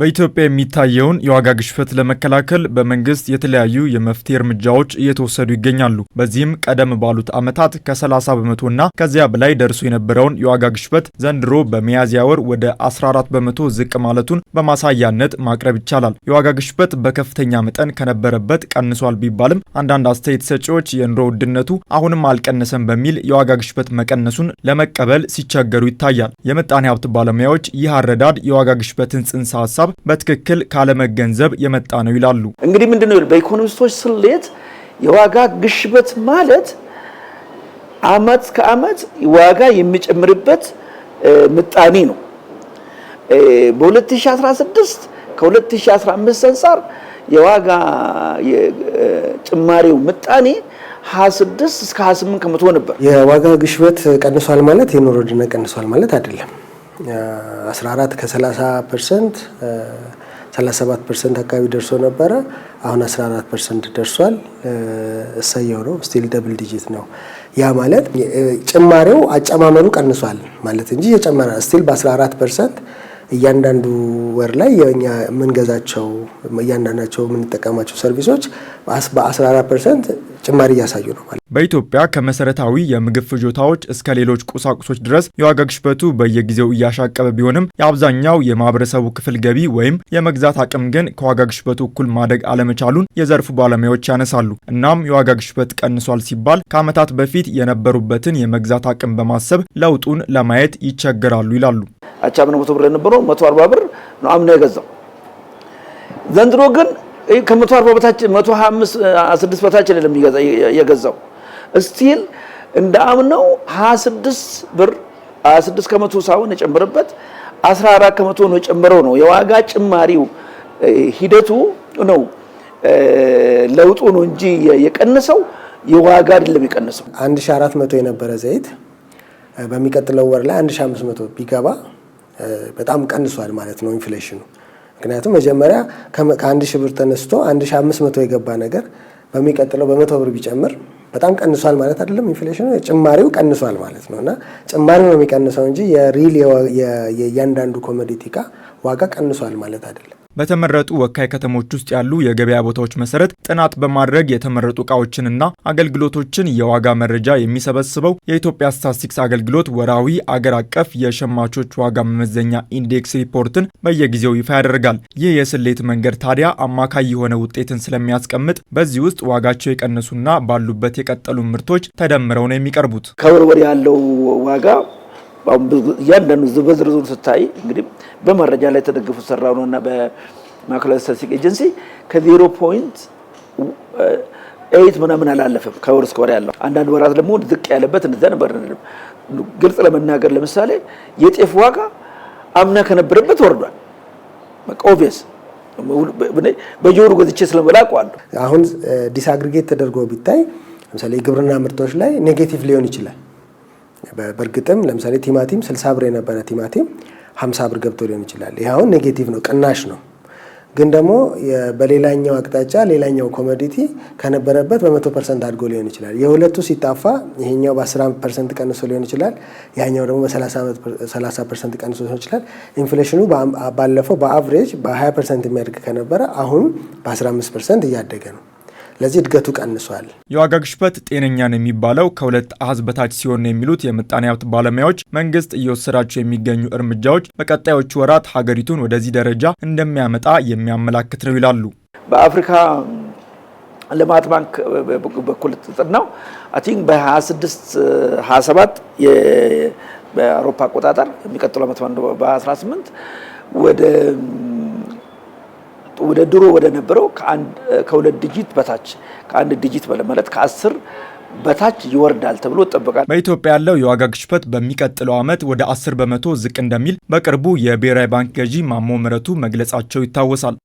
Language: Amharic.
በኢትዮጵያ የሚታየውን የዋጋ ግሽፈት ለመከላከል በመንግስት የተለያዩ የመፍትሄ እርምጃዎች እየተወሰዱ ይገኛሉ። በዚህም ቀደም ባሉት ዓመታት ከ30 በመቶ እና ከዚያ በላይ ደርሶ የነበረውን የዋጋ ግሽፈት ዘንድሮ በሚያዝያ ወር ወደ 14 በመቶ ዝቅ ማለቱን በማሳያነት ማቅረብ ይቻላል። የዋጋ ግሽፈት በከፍተኛ መጠን ከነበረበት ቀንሷል ቢባልም አንዳንድ አስተያየት ሰጪዎች የኑሮ ውድነቱ አሁንም አልቀነሰም በሚል የዋጋ ግሽፈት መቀነሱን ለመቀበል ሲቸገሩ ይታያል። የምጣኔ ሀብት ባለሙያዎች ይህ አረዳድ የዋጋ ግሽበትን ጽንሰ ሀሳብ ሀሳብ በትክክል ካለመገንዘብ የመጣ ነው ይላሉ። እንግዲህ ምንድን ነው በኢኮኖሚስቶች ስሌት የዋጋ ግሽበት ማለት አመት ከአመት ዋጋ የሚጨምርበት ምጣኔ ነው። በ2016 ከ2015 አንጻር የዋጋ ጭማሪው ምጣኔ 26 እስከ 28 ከመቶ ነበር። የዋጋ ግሽበት ቀንሷል ማለት የኑሮ ውድነት ቀንሷል ማለት አይደለም። 14 ከ30 ፐርሰንት 37 ፐርሰንት አካባቢ ደርሶ ነበረ። አሁን 14 ፐርሰንት ደርሷል። እሰየው ነው። ስቲል ደብል ዲጂት ነው። ያ ማለት ጭማሪው አጨማመሩ ቀንሷል ማለት እንጂ የጨመረ ስቲል በ14 ፐርሰንት እያንዳንዱ ወር ላይ የኛ የምንገዛቸው እያንዳንዳቸው የምንጠቀማቸው ሰርቪሶች በ14 ፐርሰንት ጭማሪ እያሳዩ ነው ማለት። በኢትዮጵያ ከመሰረታዊ የምግብ ፍጆታዎች እስከ ሌሎች ቁሳቁሶች ድረስ የዋጋ ግሽበቱ በየጊዜው እያሻቀበ ቢሆንም የአብዛኛው የማህበረሰቡ ክፍል ገቢ ወይም የመግዛት አቅም ግን ከዋጋ ግሽበቱ እኩል ማደግ አለመቻሉን የዘርፉ ባለሙያዎች ያነሳሉ። እናም የዋጋ ግሽበት ቀንሷል ሲባል ከዓመታት በፊት የነበሩበትን የመግዛት አቅም በማሰብ ለውጡን ለማየት ይቸገራሉ ይላሉ። አቻ ምን መቶ ብር የነበረው 140 ብር ነው አምና የገዛው። ዘንድሮ ግን ከ140 በታች መቶ 16 በታች አይደለም የገዛው እስቲል እንደ አምነው ሀያ ስድስት ብር 26 ከመቶ ሳይሆን የጨመረበት 14 ከመቶ ነው የጨመረው ነው የዋጋ ጭማሪው ሂደቱ ነው ለውጡ ነው እንጂ የቀነሰው የዋጋ አይደለም የቀነሰው። 1400 መቶ የነበረ ዘይት በሚቀጥለው ወር ላይ 1500 መቶ ቢገባ በጣም ቀንሷል ማለት ነው ኢንፍሌሽኑ። ምክንያቱም መጀመሪያ ከአንድ ሺህ ብር ተነስቶ አንድ ሺህ አምስት መቶ የገባ ነገር በሚቀጥለው በመቶ ብር ቢጨምር በጣም ቀንሷል ማለት አይደለም። ኢንፍሌሽኑ ጭማሪው ቀንሷል ማለት ነው እና ጭማሪው ነው የሚቀንሰው እንጂ የሪል የእያንዳንዱ ኮሞዲቲ እቃ ዋጋ ቀንሷል ማለት አይደለም። በተመረጡ ወካይ ከተሞች ውስጥ ያሉ የገበያ ቦታዎች መሰረት ጥናት በማድረግ የተመረጡ እቃዎችንና አገልግሎቶችን የዋጋ መረጃ የሚሰበስበው የኢትዮጵያ ስታስቲክስ አገልግሎት ወራዊ አገር አቀፍ የሸማቾች ዋጋ መመዘኛ ኢንዴክስ ሪፖርትን በየጊዜው ይፋ ያደርጋል። ይህ የስሌት መንገድ ታዲያ አማካይ የሆነ ውጤትን ስለሚያስቀምጥ በዚህ ውስጥ ዋጋቸው የቀነሱና ባሉበት የቀጠሉ ምርቶች ተደምረው ነው የሚቀርቡት። ከወር ወር ያለው ዋጋ አሁን እያንዳንዱ በዝርዝሩ ስታይ እንግዲህ በመረጃ ላይ የተደገፉ ሰራ ነው እና በማዕከላዊ ስታቲስቲክ ኤጀንሲ ከዜሮ ፖይንት ኤይት ምናምን አላለፈም ከወር እስከ ወር ያለው አንዳንድ ወራት ደግሞ ዝቅ ያለበት እንደዛ ነበር። ግልጽ ለመናገር ለምሳሌ የጤፍ ዋጋ አምና ከነበረበት ወርዷል። ኦቪየስ በጆሮ ገዝቼ ስለመላ አሁን ዲስአግሪጌት ተደርጎ ቢታይ ለምሳሌ የግብርና ምርቶች ላይ ኔጌቲቭ ሊሆን ይችላል። በእርግጥም ለምሳሌ ቲማቲም 60 ብር የነበረ ቲማቲም 50 ብር ገብቶ ሊሆን ይችላል። ይህ አሁን ኔጌቲቭ ነው፣ ቅናሽ ነው። ግን ደግሞ በሌላኛው አቅጣጫ ሌላኛው ኮሞዲቲ ከነበረበት በመቶ ፐርሰንት አድጎ ሊሆን ይችላል። የሁለቱ ሲጣፋ ይሄኛው በ10 ፐርሰንት ቀንሶ ሊሆን ይችላል፣ ያኛው ደግሞ በ30 ፐርሰንት ቀንሶ ሊሆን ይችላል። ኢንፍሌሽኑ ባለፈው በአቨሬጅ በ20 ፐርሰንት የሚያድግ ከነበረ አሁን በ15 ፐርሰንት እያደገ ነው። ለዚህ እድገቱ ቀንሷል። የዋጋ ግሽበት ጤነኛ ነው የሚባለው ከሁለት አሃዝ በታች ሲሆን ነው የሚሉት የምጣኔ ሀብት ባለሙያዎች መንግስት እየወሰዳቸው የሚገኙ እርምጃዎች በቀጣዮቹ ወራት ሀገሪቱን ወደዚህ ደረጃ እንደሚያመጣ የሚያመላክት ነው ይላሉ። በአፍሪካ ልማት ባንክ በኩል ጥናው አን በ26 27 በአውሮፓ አቆጣጠር የሚቀጥለው ዓመት በ18 ወደ ወደ ድሮ ወደ ነበረው ከሁለት ዲጂት በታች ከአንድ ዲጂት ማለት ከአስር በታች ይወርዳል ተብሎ ይጠበቃል። በኢትዮጵያ ያለው የዋጋ ግሽበት በሚቀጥለው ዓመት ወደ 10 በመቶ ዝቅ እንደሚል በቅርቡ የብሔራዊ ባንክ ገዢ ማሞ ምህረቱ መግለጻቸው ይታወሳል።